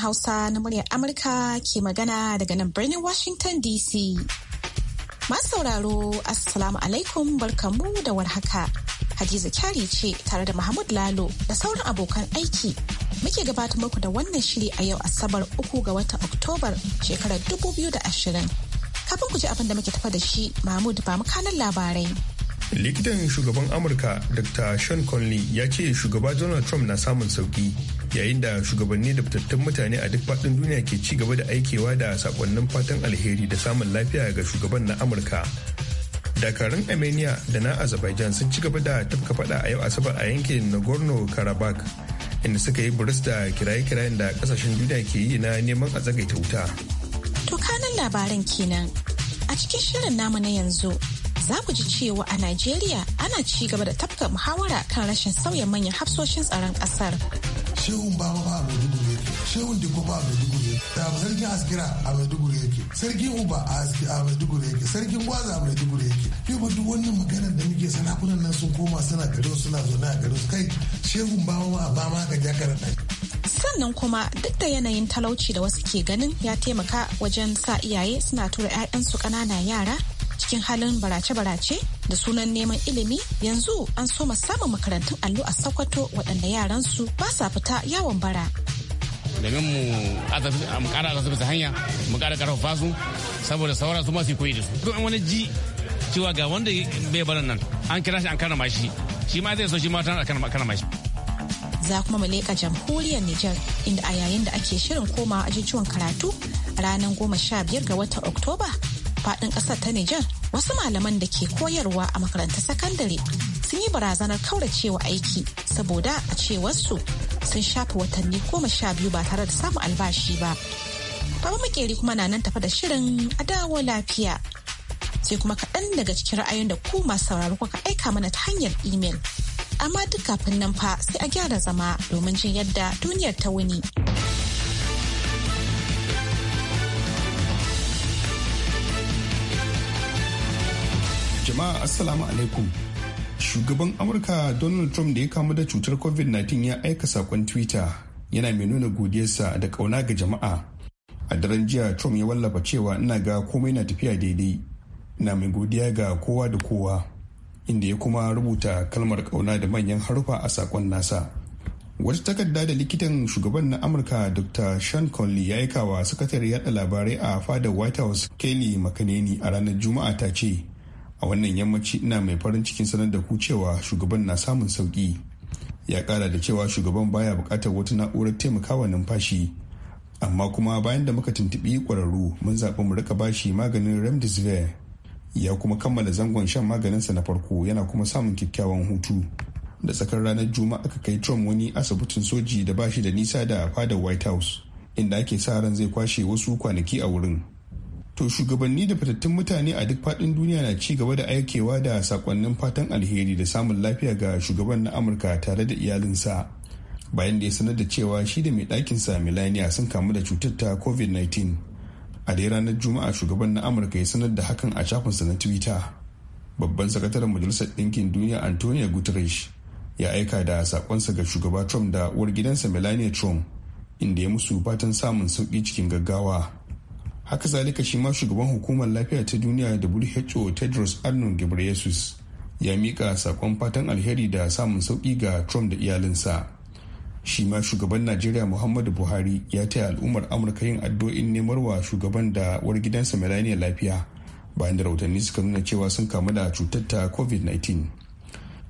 Hausa na muryar Amurka ke magana daga nan birnin Washington DC. Masu sauraro, Assalamu alaikum barkamu da warhaka. Hadiza Kyari ce tare da Mahmud Lalo da sauran abokan aiki. Muke gabata muku da wannan shiri a yau Asabar uku ga watan Oktobar shekarar 2020. Kafin ku ji abin da muke tafa da shi, Mahmud ba mu kanan labarai. Likitan shugaban Amurka Dr. Sean Conley ya ce shugaba Donald Trump na samun sauki yayin da shugabanni da fitattun mutane a duk faɗin duniya ke ci gaba da aikewa da sakonnin fatan alheri da samun lafiya ga shugaban na amurka dakarun armenia da na azerbaijan sun ci gaba da tafka fada a yau asabar a yankin nagorno karabakh inda suka yi buris da kiraye-kirayen da kasashen duniya ke yi na neman a tsagaita wuta to kanan labaran kenan a cikin shirin namu na yanzu za ku ji cewa a najeriya ana ci gaba da tafka muhawara kan rashin sauya manyan hafsoshin tsaron kasar shehun ba ma a maiduguri yake shehun diko ba a maiduguri yake sarkin askira a maiduguri yake sarkin uba a maiduguri yake sarkin gwaza a maiduguri yake ba duk wannan maganar da muke sarakunan nan sun koma suna garin suna zaune a garin kai shehun ba ma ba ma ka jakarar sannan kuma duk da yanayin talauci da wasu ke ganin ya taimaka wajen sa iyaye suna tura 'ya'yansu ƙanana yara cikin halin barace-barace da sunan neman ilimi yanzu an soma samun makarantun allo a Sokoto waɗanda yaransu ba sa fita yawon bara. domin mu kara su bisa hanya mu kara karfafa su saboda saura su masu koyi da su duk wani ji cewa ga wanda bai barin nan an kira shi an karama shi shi ma zai so shi ma tana karama shi za kuma mu leƙa jamhuriyar Nijar inda a yayin da ake shirin komawa ajujuwan karatu a ranar goma sha biyar ga watan Oktoba faɗin ƙasar ta Nijar wasu malaman da ke koyarwa a makarantar sakandare sun yi barazanar kauracewa aiki saboda a cewarsu sun shafa watanni goma sha biyu ba tare da samun albashi ba. Baba makeri kuma na nan tafa da shirin a dawo lafiya. Sai kuma kaɗan daga cikin ra'ayoyin da ku masu sauraro kuka aika mana ta hanyar imel. Amma duk kafin nan fa sai a gyara zama domin jin yadda duniyar ta wuni. jama'a assalamu alaikum shugaban amurka donald trump da ya kamu da cutar covid-19 ya aika sakon twitter yana mai nuna godiyarsa da kauna ga jama'a a daren jiya trump ya wallafa cewa ina ga komai na tafiya daidai na mai godiya ga kowa da kowa inda ya kuma rubuta kalmar kauna da manyan harufa a sakon nasa wata takarda da likitan shugaban na amurka dr sean conley ya aika wa sakatar yada labarai a fadar white house kelly makaneni a ranar juma'a ta ce a wannan yammaci ina mai farin cikin sanar da ku cewa shugaban na samun sauki ya kara da cewa shugaban baya bukatar wata na'urar taimakawa numfashi amma kuma bayan da muka tuntubi kwararru mun zaɓi mu rika bashi maganin remdesivir ya kuma kammala zangon shan maganin sa na farko yana kuma samun kyakkyawan hutu da tsakar ranar juma'a aka kai trump wani asibitin soji da bashi da nisa da fadar white house inda ake sa ran zai kwashe wasu kwanaki a wurin to shugabanni da fitattun mutane a duk faɗin duniya na ci gaba da aikewa da sakonnin fatan alheri da samun lafiya ga shugaban na amurka tare da iyalinsa bayan da ya sanar da cewa shi da mai ɗakinsa melania sun kamu da cutar ta covid-19 a dai ranar juma'a shugaban na amurka ya sanar da hakan a shafinsa na twitter babban sakataren majalisar ɗinkin duniya antonio guterres ya aika da sakonsa ga shugaba trump da uwar gidansa melania trump inda ya musu fatan samun sauki cikin gaggawa haka zalika shi ma shugaban hukumar lafiya ta duniya who tedros adnon ghebreyesus ya mika sakon fatan alheri da samun sauki ga trump da iyalinsa shi ma shugaban najeriya muhammadu buhari ya taya al'ummar amurka yin addu'o'in nemar wa shugaban da uwar gidansa melania lafiya bayan da rahotanni suka nuna cewa sun kamu da cutar ta covid-19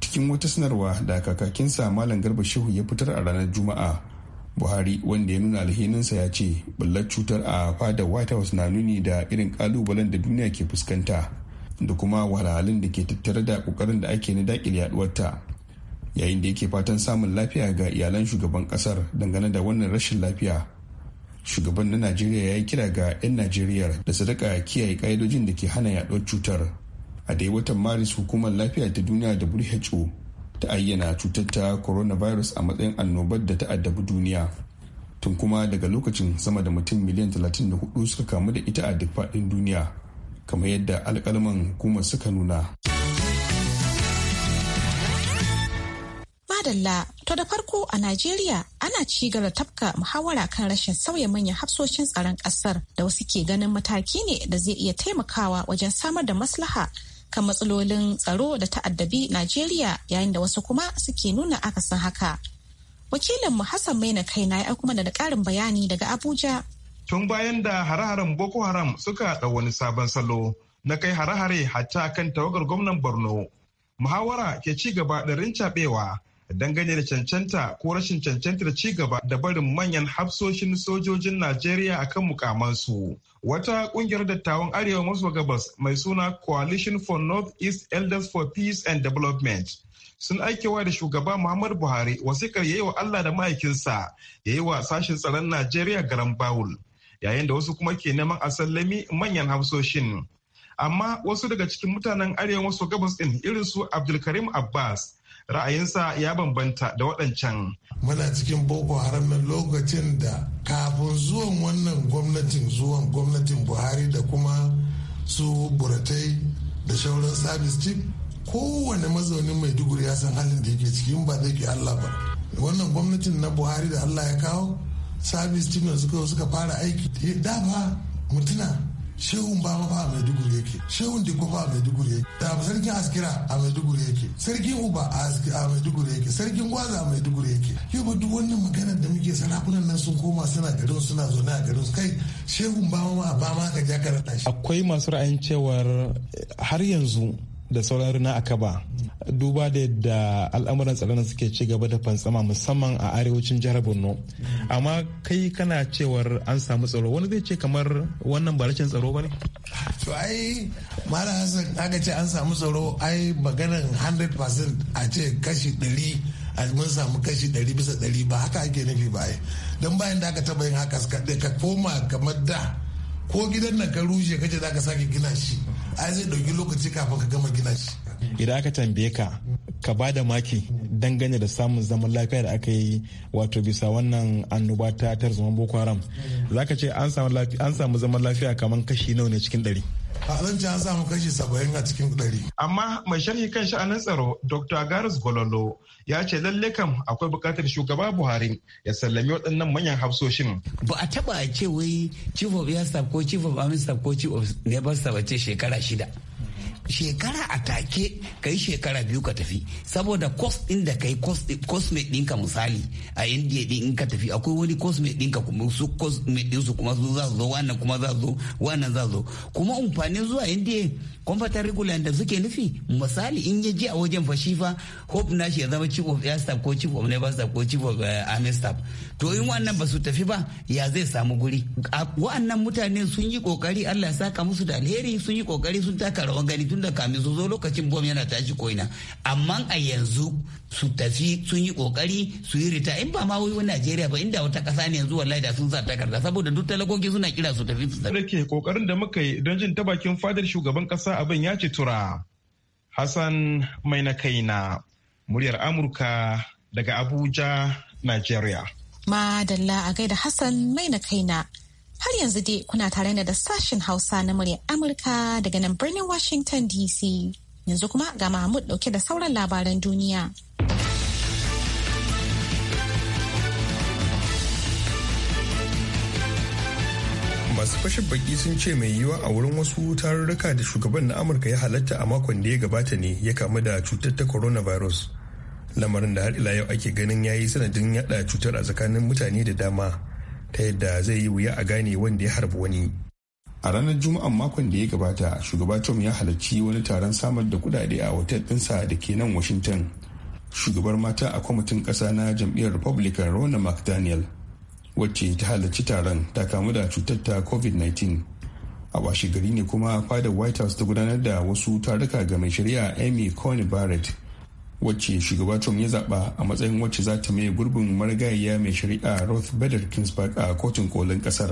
cikin wata sanarwa da kakakinsa malam garba shehu ya fitar a ranar juma'a buhari wanda ya nuna alhininsa ya ce bullar cutar a fadar white house na nuni da irin kalubalen da duniya ke fuskanta da kuma wahalhalun da ke tattare da kokarin da ake na dakile yaduwarta yayin da yake fatan samun lafiya ga iyalan shugaban kasar dangane da wannan rashin lafiya shugaban na najeriya ya yi kira ga 'yan najeriya da su rika kiyaye ka'idojin da ke hana yaduwar cutar a dai watan maris hukumar lafiya ta duniya who ta ayyana cutar ta coronavirus a matsayin annobar da ta addabi duniya tun kuma daga lokacin sama da mutum miliyan 34 suka kamu da ita a duk faɗin duniya kamar yadda alkalman hukumar suka nuna. Madalla, to da farko a Najeriya ana ci gaba tafka muhawara kan rashin sauya manyan hafsoshin tsaron ƙasar da wasu ke ganin mataki ne da zai iya taimakawa wajen samar da maslaha kan matsalolin tsaro da ta'addabi Najeriya yayin da wasu kuma suke nuna akasin haka. Wakilinmu Hassan Maina na ya kuma da karin bayani daga Abuja. Tun bayan da hare-haren Boko Haram suka haɗa wani sabon salo na kai hare-hare hatta kan tawagar gwamnan Borno. Muhawara ke ci gaba da rincaɓewa dangane da cancanta ko rashin cancantar ci gaba da barin manyan hafsoshin sojojin Najeriya akan mukamansu. Wata kungiyar dattawan Arewa maso gabas mai suna Coalition for North East Elders for Peace and Development sun aikewa da shugaba Muhammadu Buhari wasikar yayi wa Allah da mahaifinsa yayi wa sashen tsaron Najeriya garan bawul yayin da wasu kuma ke neman a sallami manyan hafsoshin. Amma wasu daga cikin mutanen Arewa maso gabas din irin su Abdulkarim Abbas ra'ayinsa ya bambanta da waɗancan. Muna cikin Boko Haram na lokacin da kafin zuwan wannan gwamnatin zuwan gwamnatin Buhari da kuma su buratai da shauran sabis chief kowane mazaunin Maiduguri ya san halin da yake ciki ba zai ke Allah ba. Wannan gwamnatin na Buhari da Allah ya kawo sabis chief da suka suka fara aiki da ba mutuna shehun ba ba a maiduguri yake shehun dikko ba a maiduguri yake da sarkin askira a maiduguri yake sarkin uba a maiduguri yake sarkin gwaza a maiduguri yake yau ba duk wannan maganar da muke sarakunan nan sun koma suna garin suna zaune a garin kai shehun ba ma ba ma ka ja shi akwai masu ra'ayin cewar har yanzu da sauran rina a kaba duba da yadda al'amuran tsaron suke ci gaba da fantsama musamman a arewacin jihar borno amma kai kana cewar an samu tsaro wani zai ce kamar wannan ba rashin tsaro ba ne to ai mara hassan aka ce an samu tsaro ai maganan 100% a ce kashi 100 mun samu kashi 100 bisa 100 ba haka ake nufi ba ai don bayan da aka taba yin haka ka koma kamar da ko gidan nan ka rushe kace za ka sake gina shi ai zai ɗauki lokaci kafin ka gama gina shi idan aka tambaye ka ka ba da maki dangane da samun zaman lafiya da aka yi wato bisa wannan annoba ta tarzoma boko haram za ka ce an samu zaman lafiya kamar kashi nawa ne cikin ɗari a zan ci an samu kashi saba'in a cikin ɗari. Amma mai sharhi kan sha'anin tsaro Dr. Garis Gololo ya ce lalle kam akwai buƙatar shugaba Buhari ya sallami waɗannan manyan hafsoshin. Ba a taɓa a ce wai chief of air staff ko chief of army staff ko chief of naval staff ce shekara shida. shekara a take kai shekara biyu ka tafi saboda cost din da kai mai dinka misali a indiya din in ka tafi akwai wani mai dinka kuma su din su kuma su za zo wannan kuma za zo wannan za zo kuma amfanin zuwa indiya kwamfatar regular da suke nufi misali in ya je a wajen fashifa fa hope na shi ya zama chief of air staff ko chief of naval staff ko chief of eh, army staff to in wannan ba su tafi ba ya zai samu guri wa'annan mutane sun yi kokari Allah ya saka musu da alheri sun yi kokari sun taka rawan gani tun tunda kamin su zo lokacin bom yana tashi koina amma a yanzu su tafi sun yi kokari su yi rita in ba ma wai wani Najeriya ba inda wata kasa ne yanzu wallahi da sun sa takarda saboda duk talakoki suna kira su tafi su tafi. ke kokarin da muka yi don jin ta bakin fadar shugaban kasa abin ya ci tura. Hassan mai na kaina muryar Amurka daga Abuja, Najeriya. Madalla a gaida Hassan mai na kaina. Har yanzu dai kuna tare da sashen Hausa na muryar Amurka daga nan birnin Washington DC. Yanzu kuma ga Mahmud dauke da sauran labaran duniya. masu fashin baki sun ce mai yiwa a wurin wasu tarurruka da shugaban na amurka ya halatta a makon da ya gabata ne ya kamu da cutar ta coronavirus lamarin da har ila yau ake ganin ya yi sanadin yada cutar a tsakanin mutane da dama ta yadda zai yi wuya a gane wanda ya harbi wani a ranar juma'an makon da ya gabata shugaba trump ya halarci wani taron samar da kudade a otel ɗinsa da ke nan washington shugabar mata a kwamitin ƙasa na jam'iyyar republican rona mcdaniel wacce ta halarci taron ta kamu da cutar ta covid-19 a washe gari ne kuma fadar white house ta gudanar da wasu taruka ga mai shari'a amy coney barrett wacce shugaba Trump ya zaɓa a matsayin wacce za ta maye gurbin marigayiya mai shari'a roth Bader park a kotun kolin kasar.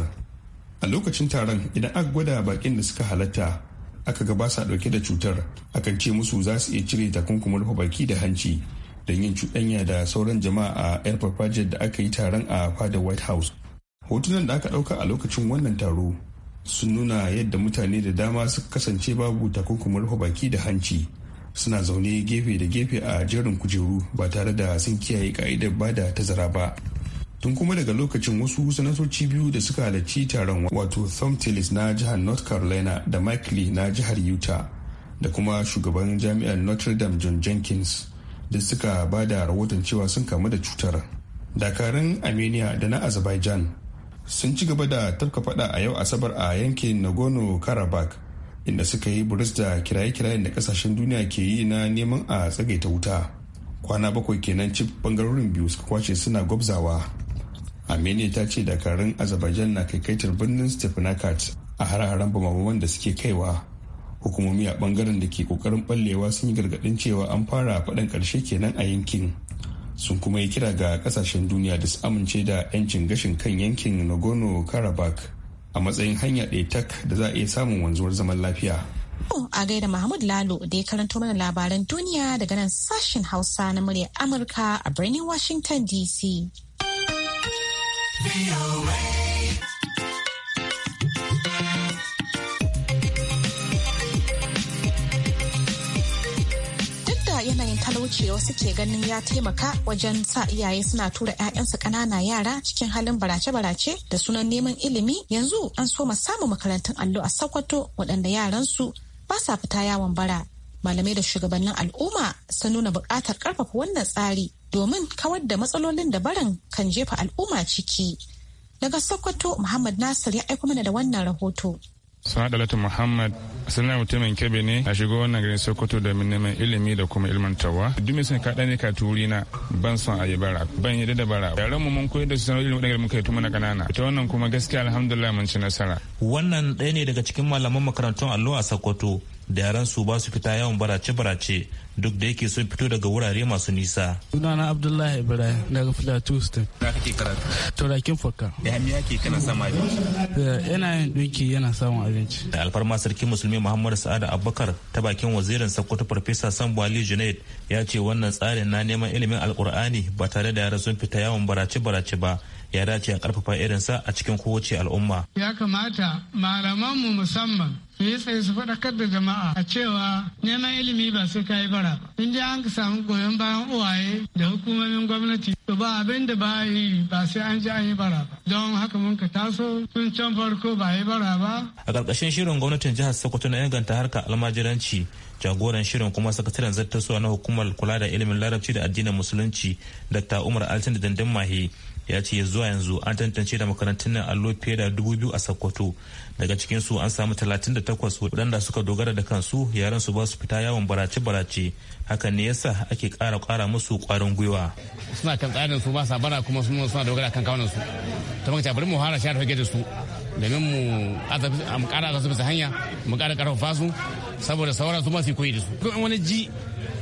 A lokacin taron idan aka gwada bakin da suka halatta aka ga basa sa ɗauke da cutar akan ce musu za su iya cire takunkumin rufe baki da hanci don yin cuɗanya da sauran jama'a a yar farfajiyar da aka yi taron a fadar White House. Hotunan da aka ɗauka a lokacin wannan taro sun nuna yadda mutane da dama suka kasance babu takunkumin rufe baki da hanci suna zaune gefe da gefe a jerin kujeru ba tare da sun kiyaye ka'idar ba da tazara ba tun kuma daga lokacin wasu sanatoci biyu da suka halarci taron wato thom tillis na jihar north carolina da mike lee na jihar utah da kuma shugaban jami'ar notre dame john jenkins da suka ba da rahoton cewa sun kamu da cutar dakarun armenia da na azerbaijan sun ci gaba da tafka fada a yau asabar a yankin nagorno karabakh inda suka yi buris da kiraye-kirayen da kasashen duniya ke yi na neman a tsagaita wuta kwana bakwai kenan cif bangarorin biyu suka kwace suna gwabzawa amini ta ce dakarun azerbaijan na kaikaitar birnin stepanakat a har-haren wanda da suke kaiwa hukumomi a bangaren da ke kokarin ballewa sun yi gargadin cewa an fara faɗan ƙarshe kenan a yankin sun kuma yi kira ga kasashen duniya da su amince da 'yancin gashin kan yankin nagorno karabakh a matsayin hanya ɗaya tak da za a iya samun wanzuwar zaman lafiya. a gaida Mahmud Lalo da ya karanto mana labaran duniya daga nan sashen Hausa na murya Amurka a birnin Washington DC. ce wasu ke ganin ya taimaka wajen sa iyaye suna tura 'ya'yansu ƙanana yara cikin halin barace-barace da sunan neman ilimi yanzu an soma samun makarantun allo a Sokoto waɗanda yaransu ba sa fita yawon bara. Malamai da shugabannin al'umma sun nuna buƙatar ƙarfafa wannan tsari domin kawar da matsalolin da barin kan jefa al'umma ciki. Daga Sokoto Muhammad Nasir ya aiko mana da wannan rahoto. suna dalatu muhammad sanar mutumin kebe ne a shiga wannan garin sokoto da neman ilimi da kuma ilmantarwa duk mai sun kaɗa ne ka turi na ban son a yi bara ban yi da bara yaran mu mun koyar da su sanar ilimi da muka yi tun muna ƙanana ita wannan kuma gaskiya alhamdulillah mun ci nasara wannan ɗaya ne daga cikin malaman makarantun allo a sokoto da yaran su ba su fita yawan barace-barace duk da yake sun fito daga wurare masu nisa. Sunana Abdullahi Ibrahim daga Plateau State. Da kake karatu? Turakin Fakka. Da hami yake kana sama abinci? Yana eh, yin dinki yana samun abinci. Da alfarma sarki musulmi Muhammad Sa'ada Abubakar ta bakin wazirin Sokoto Farfesa Sambu Ali Junaid ya ce wannan tsarin na neman ilimin Alkur'ani ba tare da yaran sun fita yawan barace-barace ba. ya dace a karfafa irin sa a cikin kowace al'umma. Ya kamata malamanmu musamman su yi tsaye su faɗakar da jama'a a cewa neman ilimi ba sai ka yi bara ba. In ji an samu goyon bayan uwaye da hukumomin gwamnati to ba abin da ba yi ba sai an ji an yi bara ba. Don haka mun ka taso tun can farko ba yi bara ba. A ƙarƙashin shirin gwamnatin jihar Sokoto na inganta harkar almajiranci jagoran shirin kuma sakataren zartaswa na hukumar kula da ilimin larabci da addinin musulunci dr umar altin da dandin mahe ya ce zuwa yanzu an tantance da makarantun nan allo fiye da dubu biyu a sokoto daga cikinsu an samu talatin da takwas waɗanda suka dogara da kansu yaran su ba su fita yawon barace barace hakan ne yasa ake ƙara ƙara musu ƙwarin gwiwa suna kan tsarin su ba sa bara kuma suna dogara kan kawunan su ta mace bari mu hara share fage da su domin mu ƙara azabi bisa hanya mu ƙara ƙarfafa su saboda sauran su ma su koyi da su wani ji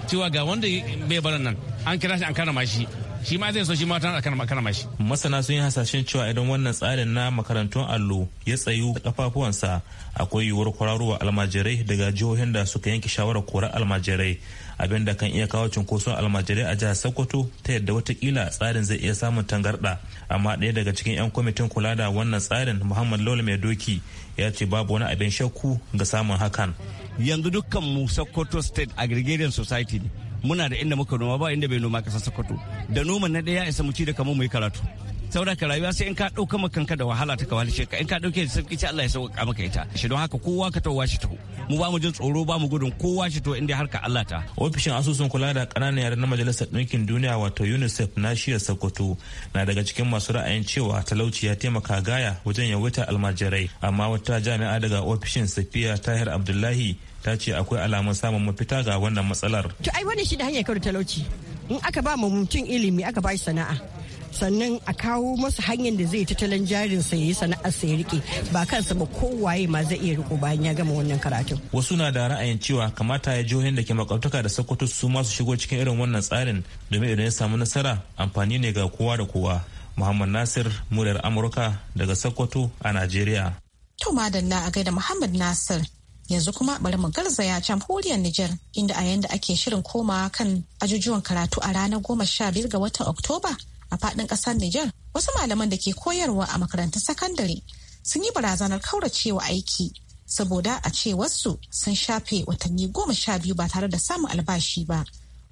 cewa ga wanda bai baran nan an kira shi an karama shi shi ma zai so shi ma tana karama mashi masana sun yi hasashen cewa idan wannan tsarin na makarantun allo ya tsayu da kafafuwansa akwai yiwuwar kwararowa almajirai daga jihohin da suka yanke shawarar korar almajirai abin da kan iya kawo cunkoson almajirai a jihar sokoto ta yadda watakila tsarin zai iya samun tangarɗa amma ɗaya daga cikin 'yan kwamitin kula da wannan tsarin muhammad lawal mai doki ya ce babu wani abin shakku ga samun hakan yanzu dukkan mu sokoto state aggregating society ne muna da inda muka noma ba inda bai noma ƙasar sokoto da noma na ɗaya isa mu ci da kamar mu yi karatu saboda ka rayuwa sai in ka ɗauka maka kanka da wahala ta kawali ce ka in ka ɗauke da sauki ce Allah ya sauƙaƙa maka ita shi don haka kowa ka tawo shi to mu ba mu jin tsoro ba mu gudun kowa shi to inda har ka Allah ta ofishin asusun kula da ƙananan yaran na majalisar ɗinkin duniya wato UNICEF na shiyar Sokoto na daga cikin masu ra'ayin cewa talauci ya taimaka gaya wajen yawaita almajirai amma wata jami'a daga ofishin Safiya Tahir Abdullahi ta ce akwai alamun samun mafita ga wannan matsalar to ai wannan shi da hanyar kawai talauci in aka ba mu mutum ilimi aka ba shi sana'a sannan a kawo masa hanyar da zai tattalin jarin sa yi sana'ar sa ya rike ba kansa ba kowaye ma zai iya riko bayan ya gama wannan karatun wasu na da ra'ayin cewa kamata ya jihohin da ke makwabtaka da sokoto su masu shigo cikin irin wannan tsarin domin idan ya samu nasara amfani ne ga kowa da kowa muhammad nasir muryar amurka daga sokoto a najeriya to madalla a gaida muhammad nasir yanzu kuma bari mu garzaya jamhuriyar Nijar inda a yanda ake shirin koma kan ajujuwan karatu a ranar goma sha biyar ga watan Oktoba a faɗin ƙasar Nijar wasu malaman da ke koyarwa a makarantar sakandare sun yi barazanar kauracewa aiki saboda a ce wasu sun shafe watanni goma sha biyu ba tare da samun albashi ba.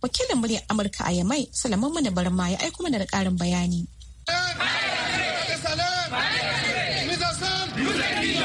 Wakilin muryar Amurka a Yamai Salamun Muni Barma ya aiko mana da ƙarin bayani.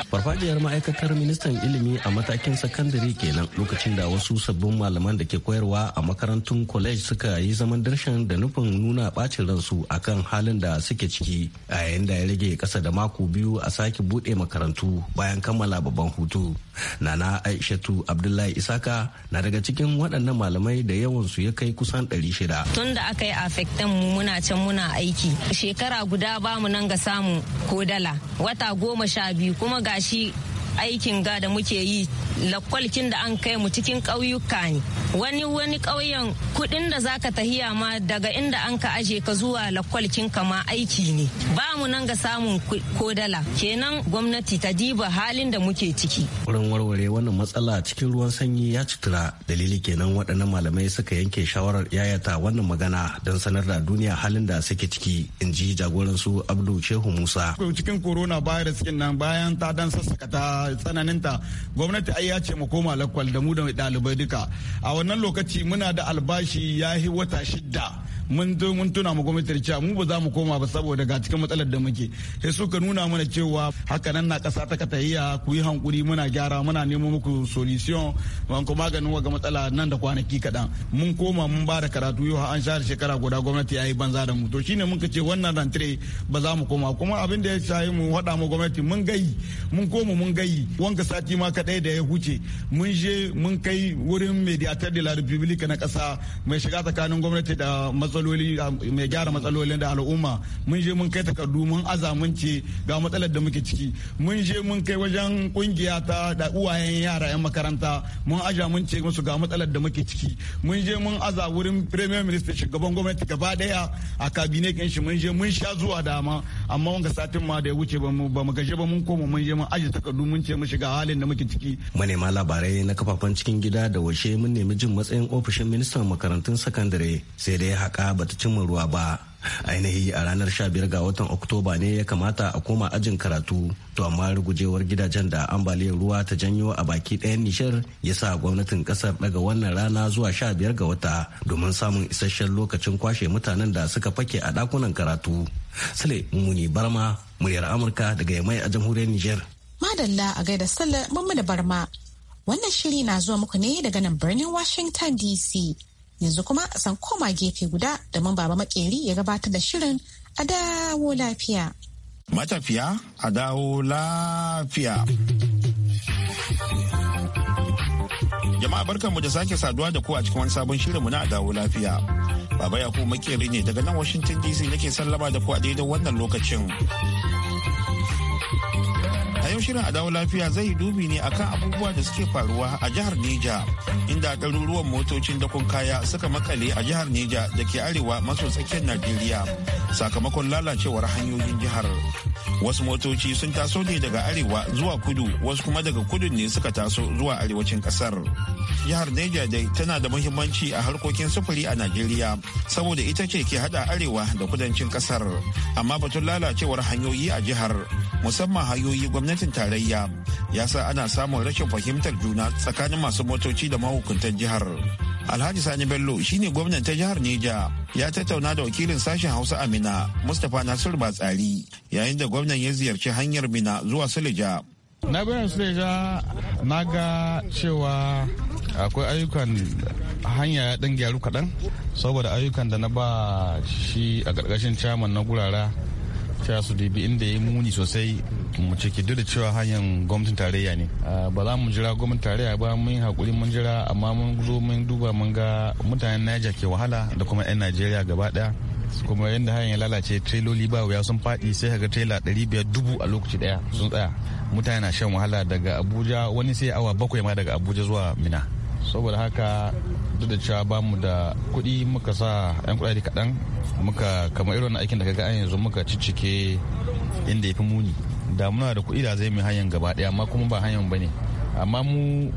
farfajiyar ma'aikatar ministan ilimi a matakin sakandare kenan lokacin da wasu sabbin malaman da ke koyarwa a makarantun college suka yi zaman darshan da nufin nuna bacin ransu akan halin da suke ciki a yayin da ya rage kasa da mako biyu a sake bude makarantu bayan kammala babban hutu nana aishatu abdullahi isaka na daga cikin waɗannan malamai da yawan su ya kai kusan ɗari shida tun da aka yi afektan mu muna can muna aiki shekara guda ba mu nan ga samu ko dala wata goma sha biyu kuma ga tashi aikin ga da muke yi lakwalkin da an kai mu cikin ƙauyuka ne wani wani ƙauyen kuɗin da zaka tahiya ma daga inda an ka aje ka zuwa lakwalkin ka ma aiki ne ba mu nan ga samun kodala kenan gwamnati ta diba halin da muke ciki wurin warware wannan matsala cikin ruwan sanyi ya cutura dalili kenan waɗannan malamai suka yanke shawarar yayata wannan magana don sanar da duniya halin da suke ciki in ji jagoransu abdu shehu musa cikin corona virus nan bayan ta dan sassaka ta tsananinta gwamnati ai ya ce mu koma lakwal da mu da ɗalibai duka a wannan lokaci muna da albashi ya yi wata shidda mun zo mun tuna mu gwamnatin cewa mu ba za mu koma ba saboda ga cikin matsalar da muke sai suka nuna mana cewa haka nan na kasa ta katayya ku yi hankuri muna gyara muna nemo muku solution ban kuma maganin wa ga matsala nan da kwanaki kadan mun koma mun ba da karatu yau an share shekara guda gwamnati ya yi banza da mu to shine mun ce wannan rantare ba za mu koma kuma abin da ya shayi mu hada mu gwamnati mun gai mun koma mun gayi wanga sati ma kaɗai da ya huce mun je mun kai wurin mediator de la republique na kasa mai shiga tsakanin gwamnati da matsaloli mai gyara matsalolin da al'umma mun je mun kai takardu mun aza mun ce ga matsalar da muke ciki mun je mun kai wajen kungiya ta da uwayen yara yan makaranta mun aja mun ce musu ga matsalar da muke ciki mun je mun aza wurin premier minister shugaban gwamnati gaba daya a kabine din shi mun je mun sha zuwa dama amma wanga satin ma da ya wuce ba mu ba mu gaje ba mun koma mun je mun aje takardu mun ce shiga halin da muke ciki manema labarai na kafafen cikin gida da washe mun nemi jin matsayin ofishin ministan makarantun sakandare sai dai haka ba bata cimma ruwa ba ainihi a ranar 15 ga watan oktoba ne ya kamata a koma ajin karatu to amma rugujewar gidajen da ambaliyar ruwa ta janyo a baki ɗayan nishar ya sa gwamnatin ƙasar daga wannan rana zuwa 15 ga wata domin samun isasshen lokacin kwashe mutanen da suka fake a ɗakunan karatu sule muni barma muryar amurka daga yamai a jamhuriyar nijar madalla a gaida sallar mamma da barma wannan shiri na zuwa muku ne daga nan birnin washington dc yanzu kuma a san koma gefe guda da man baba makeri ya gabatar da shirin a dawo lafiya. Matafiya a dawo lafiya. Jama'a barkanmu da sake saduwa da ku a cikin wani sabon mu na a dawo lafiya. Baba Yakubu makeri ne daga nan Washington DC nake sallama da ku a daidai wannan lokacin. yau shirin lafiya zai yi dubi ne akan abubuwa da suke faruwa a jihar Neja inda ɗaruruwan motocin dakon kaya suka makale a jihar Neja da ke arewa maso tsakiyar Najeriya sakamakon lalacewar hanyoyin jihar. Wasu motoci sun taso ne daga arewa zuwa kudu wasu kuma daga kudu ne suka taso zuwa arewacin kasar. Jihar Neja dai tana da muhimmanci a harkokin sufuri a Najeriya saboda ita ce ke hada arewa da kudancin kasar amma batun lalacewar hanyoyi a jihar musamman hanyoyi gwamnatin gwamnatin tarayya ya sa ana samun rashin fahimtar juna tsakanin masu motoci da mahukuntan jihar alhaji sani bello shi ne gwamnan ta jihar neja ya tattauna da wakilin sashen hausa amina mustapha nasir batsari yayin da gwamnan ya ziyarci hanyar mina zuwa suleja na bayan suleja na ga cewa akwai ayyukan hanya ya dan gyaru kaɗan saboda ayyukan da na ba shi a ƙarƙashin caman na gurara cewa su dibi inda ya muni sosai mu ciki duk da cewa hanyar gwamnatin tarayya ne ba za mu jira gwamnatin tarayya ba mun yi hakuri mun jira amma mun zo mun duba mun ga mutanen Niger ke wahala da kuma 'yan Najeriya gaba daya kuma yadda hanyar ya lalace trailoli ba wuya sun faɗi sai kaga trailer ɗari biyar dubu a lokaci daya sun tsaya mutane na shan wahala daga abuja wani sai awa bakwai ma daga abuja zuwa mina saboda haka duk da cewa ba mu da kuɗi muka sa 'yan kudade kaɗan muka kamar irin aikin da kaga an yanzu muka ciccike inda ya fi muni da muna da kuɗi da zai mai hanyar gaba ɗaya amma kuma ba hanyar ba ne amma mu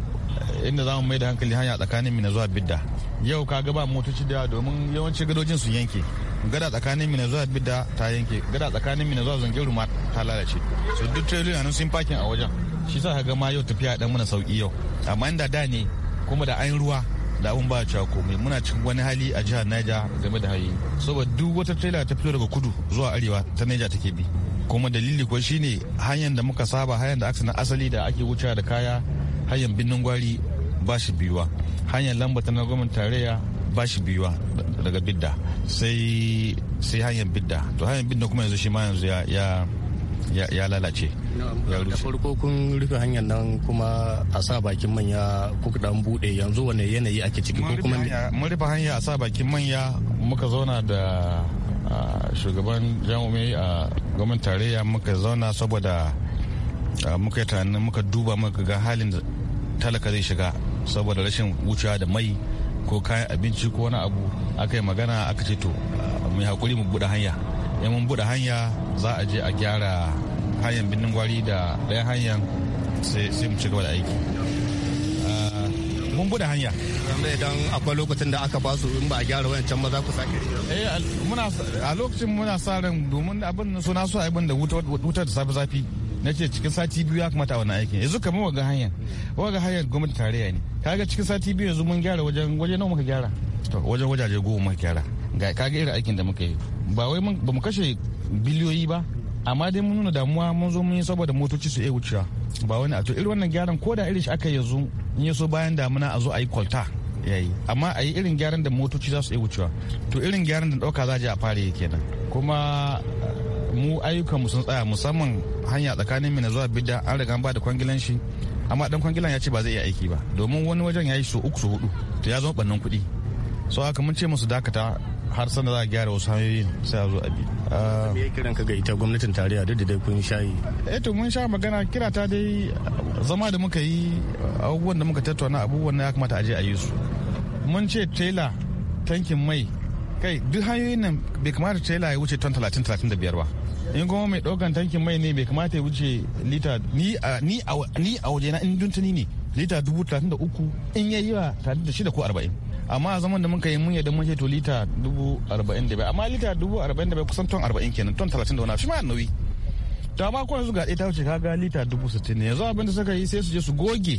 inda za mu mai da hankali hanya tsakanin mina zuwa bidda yau ka ga ba motoci da domin yawanci gadojin sun yanke gada tsakanin mina zuwa bidda ta yanke gada tsakanin mina zuwa zangiru ma ta lalace su duk trailer sun fakin a wajen shi sa ka ga ma yau tafiya dan muna sauki yau amma inda da ne kuma da ayin ruwa da abun ba cewa komai muna cikin wani hali a jihar Niger game da hayi saboda duk wata trailer ta fito daga kudu zuwa arewa ta Niger take bi kuma dalili ko shine hanyar da muka saba hanyar da aka na asali da ake wucewa da kaya hanyar binnin gwari ba shi biyuwa hanyar lamba ta na gwamnatin tarayya ba shi biyuwa daga bidda sai sai hanyar bidda to hanyar bidda kuma yanzu shi ma yanzu ya ya lalace da farko kun rufe hanyar nan kuma a sa bakin manya kuka dan bude yanzu wane yanayi ake ciki ko kuma mun rufe hanya a sa bakin manya muka zauna da shugaban jami'ai a gwamnatin tarayya muka zauna saboda muka yi tunanin muka duba muka ga halin talaka zai shiga saboda rashin wucewa da mai ko kayan abinci ko wani abu aka yi magana aka ce to mai hakuri mu buɗe hanya in mun buɗe hanya za a je a gyara hanyar birnin gwari da ɗaya hanyar sai mu ci gaba da aiki ah, mun buɗe hanya idan akwai lokacin da aka basu in ba a gyara wancan ba za ku sake eh, a lokacin muna sa ran domin abin na so na abin da wutar da safi zafi na ce cikin sati biyu ya kamata wani aikin yanzu kamar waga hanya waga hanya gwamnati tarayya ne kaga cikin sati biyu yanzu mun gyara wajen waje nawa muka gyara wajen wajaje goma muka gyara ga kaga irin aikin da muka yi ba wai ba mu kashe biliyoyi ba amma dai mun nuna damuwa mun zo mun yi saboda motoci su iya wucewa ba wani a to irin wannan gyaran ko da irin shi aka yanzu in ya so bayan damuna a zo a yi kwalta yayi amma a yi irin gyaran da motoci za su iya wucewa to irin gyaran da ɗauka za a je a fara kenan kuma eh, mu mu sun tsaya musamman hanya tsakanin mina zuwa bidda an riga ba da kwangilan shi amma dan kwangilan ya ce ba zai iya aiki ba domin wani wajen ya yi so uku so hudu to ya zama bannan kuɗi so haka mun ce musu dakata har sanda za a gyara wasu hanyoyin sai a zo a bi. Me ya kiran ka ga ita gwamnatin tarayya duk da dai kun sha yi? Eh to mun sha magana kira ta dai zama da muka yi abubuwan da muka tattauna abubuwan na ya kamata a je a yi su. Mun ce tela tankin mai kai duk hanyoyin nan bai kamata tela ya wuce ton 30-35 ba. in goma mai ɗaukan tankin mai ne bai kamata ya wuce lita ni a waje na in tuni ne lita dubu talatin da uku in ya yi wa talatin da shida ko arba'in amma a zaman da muka yi mun yadda mun ce to lita dubu arba'in da bai amma lita dubu arba'in da bai kusan ton arba'in kenan ton talatin da wani shi ma nauyi to amma kuma su ga ta wuce kaga lita dubu sittin ne yanzu abin da suka yi sai su je su goge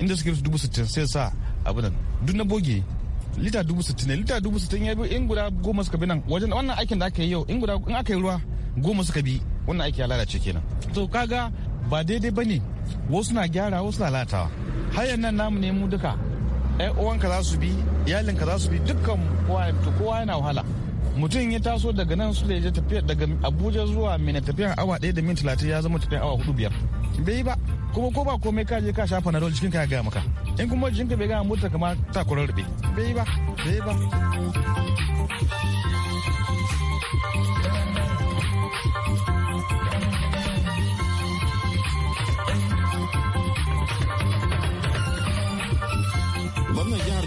inda suke su dubu sittin sai sa abin nan duk na boge lita dubu sittin ne lita dubu sittin ya bi in guda goma suka bi nan wajen wannan aikin da aka yi yau in guda in aka yi ruwa goma suka bi wannan aiki ya lalace kenan to kaga ba daidai bane wasu na gyara wasu lalatawa hayan nan namu ne mu duka ɗan uwanka za su bi iyalinka za su bi dukkan kowa kowa yana wahala mutum ya taso daga nan su je tafiya daga abuja zuwa mina tafiyan awa ɗaya da min talatin ya zama tafiyan awa hudu biyar bai ba kuma ko ba komai ka je ka shafa na dole cikin ka ya gaya maka in kuma jikinka bai gaya mota kamar ta kurar bai ba bai ba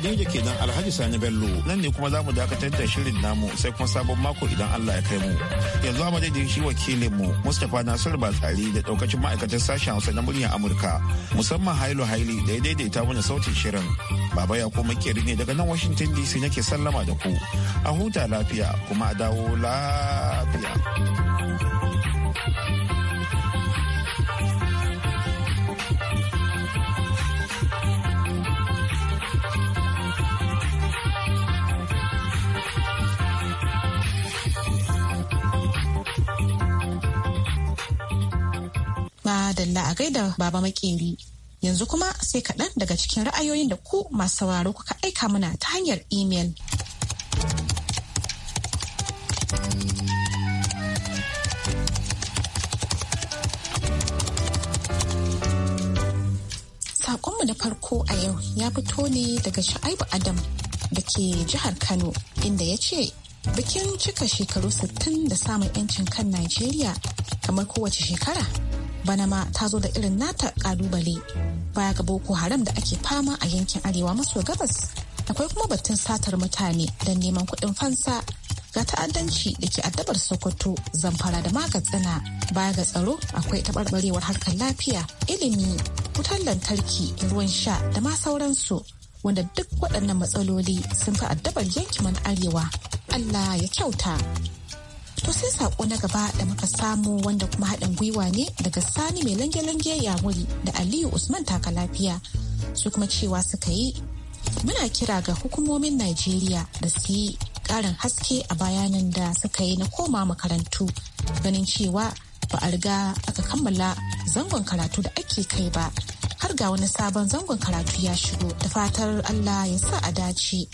Khadija nan Alhaji Sani Bello nan ne kuma za mu dakatar da shirin namu sai kuma sabon mako idan Allah ya kai mu. Yanzu a madadin shi wakilin mu Mustapha Nasiru Batsari da daukacin ma'aikatar sashen Hausa na muryar Amurka musamman Hailu Haili da ya daidaita mana sautin shirin. Baba ya kuma keri ne daga nan Washington DC nake sallama da ku. A huta lafiya kuma a dawo lafiya. adalla a gaida baba makeri yanzu kuma sai kaɗan daga cikin ra'ayoyin da ku masu sauraro kuka aika mana ta hanyar imel. saƙonmu na farko a yau ya fito ne daga Sha'aibu Adam da ke jihar Kano inda ya ce bikin cika shekaru 60 da samun 'yancin kan Najeriya kamar kowace shekara bana ma ta zo da irin nata kalubale baya ga boko haram da ake fama a yankin arewa maso gabas akwai kuma batun satar mutane don neman kuɗin fansa ga ta'addanci da ke addabar sokoto zamfara da magatsina baya ga tsaro akwai taɓarɓarewar harkar lafiya ilimi wutar lantarki ruwan sha da ma sauransu wanda duk waɗannan matsaloli sun fi addabar yankin arewa allah ya kyauta To sai sako na gaba da muka samu wanda kuma haɗin gwiwa ne daga Sani mai lange-lange ya wuri da Aliyu Usman taka lafiya su kuma cewa suka yi. Muna kira ga hukumomin Najeriya da su yi ƙarin haske a bayanin da suka yi na koma makarantu ganin cewa ba a riga aka kammala zangon karatu da ake kai ba har ga wani sabon zangon karatu ya shigo da fatar Allah ya sa a dace.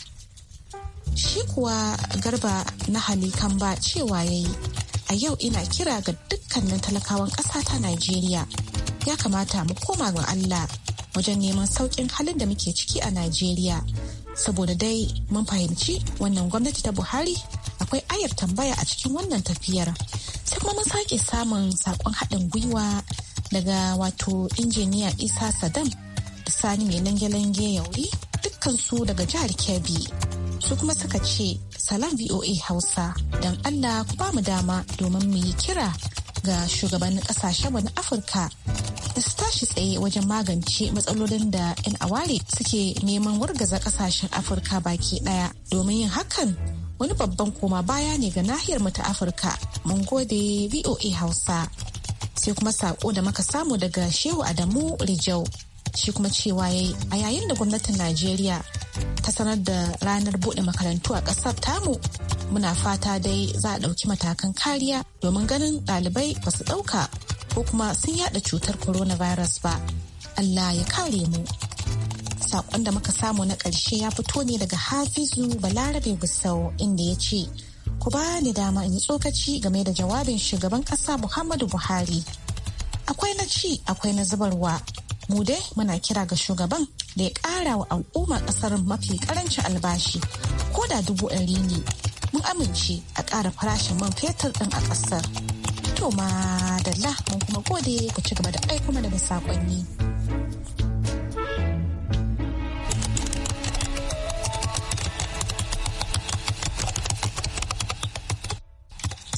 shi kuwa garba na halikan ba cewa ya yi a yau ina kira ga dukkanin talakawan ƙasa ta najeriya ya kamata mu koma ga allah wajen neman sauƙin halin da muke ciki a najeriya saboda dai mun fahimci wannan gwamnati ta buhari akwai ayar tambaya a cikin wannan tafiyar sai kuma mun sake samun sakon haɗin gwiwa daga wato injiniya isa sadam sani mai lange-lange yauri dukkan su daga jihar kebbi su kuma suka ce salam voa hausa don allah ku ba mu dama domin mu yi kira ga shugabannin kasashen wani afirka da su tashi tsaye wajen magance matsalolin da 'yan aware suke neman wargaza kasashen afirka baki daya domin yin hakan wani babban koma baya ne ga nahiyar mu ta afirka mun gode voa hausa sai kuma sako da muka samu daga shehu adamu rijau shi kuma cewa yayi a yayin da gwamnatin najeriya ta sanar da ranar buɗe makarantu a ƙasar tamu muna fata dai za a ɗauki matakan kariya domin ganin ɗalibai ba su ɗauka ko kuma sun yaɗa cutar coronavirus ba allah ya kare mu saƙon da muka samu na ƙarshe ya fito ne daga hafizu balarabe gusau inda ya ce ku ba ni dama in yi tsokaci game da jawabin shugaban ƙasa muhammadu buhari akwai na ci akwai na zubarwa mu dai muna kira ga shugaban da ya ƙara wa al'ummar ƙasar mafi ƙarancin albashi ko da dubu ɗari ne mun amince a ƙara farashin man fetur ɗin a ƙasar. To ma da mun kuma gode ku ci gaba da aiko mana da saƙonni.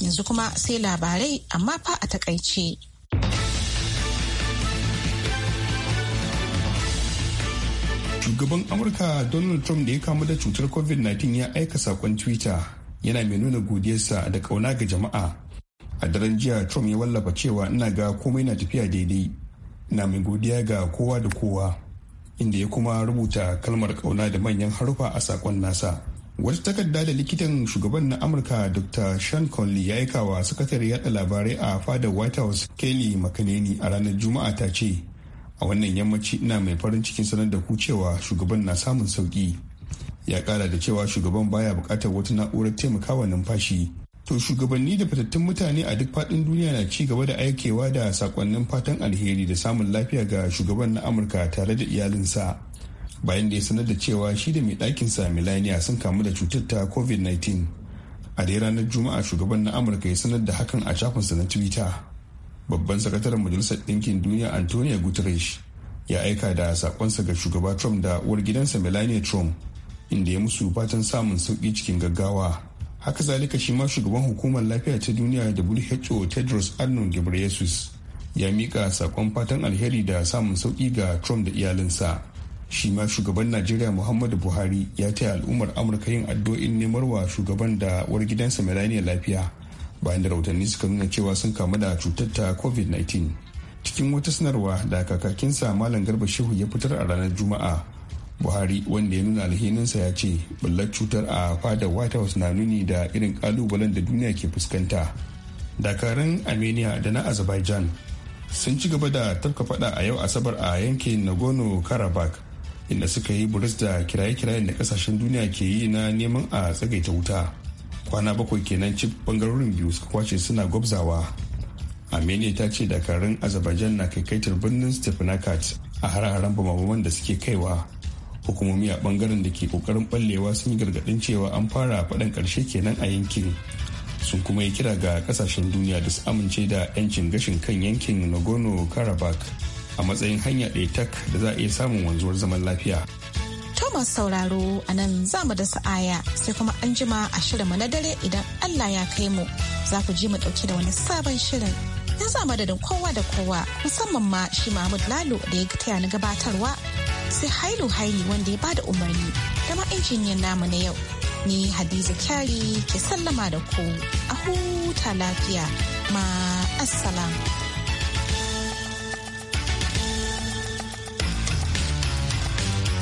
Yanzu kuma sai labarai amma fa a takaice. shugaban amurka donald trump da ya kamu da cutar covid-19 ya aika sakon twitter yana mai nuna godiyarsa da kauna ga jama'a a daren jiya trump ya wallafa cewa ina ga komai na tafiya daidai na mai godiya ga kowa da kowa inda ya kuma rubuta kalmar kauna da manyan haruffa a sakon nasa wata takarda da likitan shugaban na amurka dr sean conley ya aika wa sakatare yada labarai a fadar white house kelly makaneni a ranar juma'a ta ce a wannan yammaci ina mai farin cikin sanar da ku cewa shugaban na samun sauki ya kara da cewa shugaban baya bukatar wata na'urar taimakawa numfashi to shugabanni da fitattun mutane a duk faɗin duniya na ci gaba da aikewa da sakonnin fatan alheri da samun lafiya ga shugaban na amurka tare da iyalinsa bayan da ya sanar da cewa shi da mai ɗakinsa melania sun kamu da cutar ta covid-19 a dai ranar juma'a shugaban na amurka ya sanar da hakan a shafinsa na twitter babban sakataren majalisar ɗinkin duniya antonio guterres ya aika da sakonsa ga shugaba trump da uwar gidansa melania trump inda ya musu fatan samun sauki cikin gaggawa haka zalika shi ma shugaban hukumar lafiya ta duniya who tedros adhanom ghebreyesus ya mika saƙon fatan alheri da samun sauki ga trump da iyalinsa shi ma shugaban najeriya muhammadu buhari ya taya al'ummar amurka yin addu'o'in nemar wa shugaban da uwar gidansa melania lafiya bayan da rahotanni suka nuna cewa sun kamu da cutar ta covid-19 cikin wata sanarwa da kakakinsa malam garba shehu ya fitar a ranar juma'a buhari wanda ya nuna alhininsa ya ce bullar cutar a fada white house na nuni da irin kalubalen da duniya ke fuskanta dakarun armenia da na azerbaijan sun ci gaba da tafka fada a yau asabar a yankin nagorno karabakh inda suka yi buris da kiraye-kirayen da kasashen duniya ke yi na neman a tsagaita wuta kwana bakwai kenan cik bangarorin biyu suka kwace suna gwabzawa armenia ta ce dakarun azerbaijan na kai kaitar birnin stepanakat a har-haren bamabaman da suke kaiwa hukumomi a bangaren da ke kokarin ballewa sun yi gargadin cewa an fara faɗan ƙarshe kenan a yankin sun kuma yi kira ga kasashen duniya da su amince da 'yancin gashin kan yankin nagorno karabakh a matsayin hanya ɗaya tak da za a iya samun wanzuwar zaman lafiya masu sauraro a nan za mu da sa'aya sai kuma an jima a shirinmu na dare idan Allah ya kai mu za ku ji mu ɗauki da wani sabon shirin. Ya za madadin kowa da kowa musamman ma shi Mahmud Lalo da ya taya na gabatarwa sai Hailu Haili wanda ya bada umarni da ma injiniyan namu na yau. Ni Hadiza Kyari ke sallama da ku a huta lafiya ma assalamu.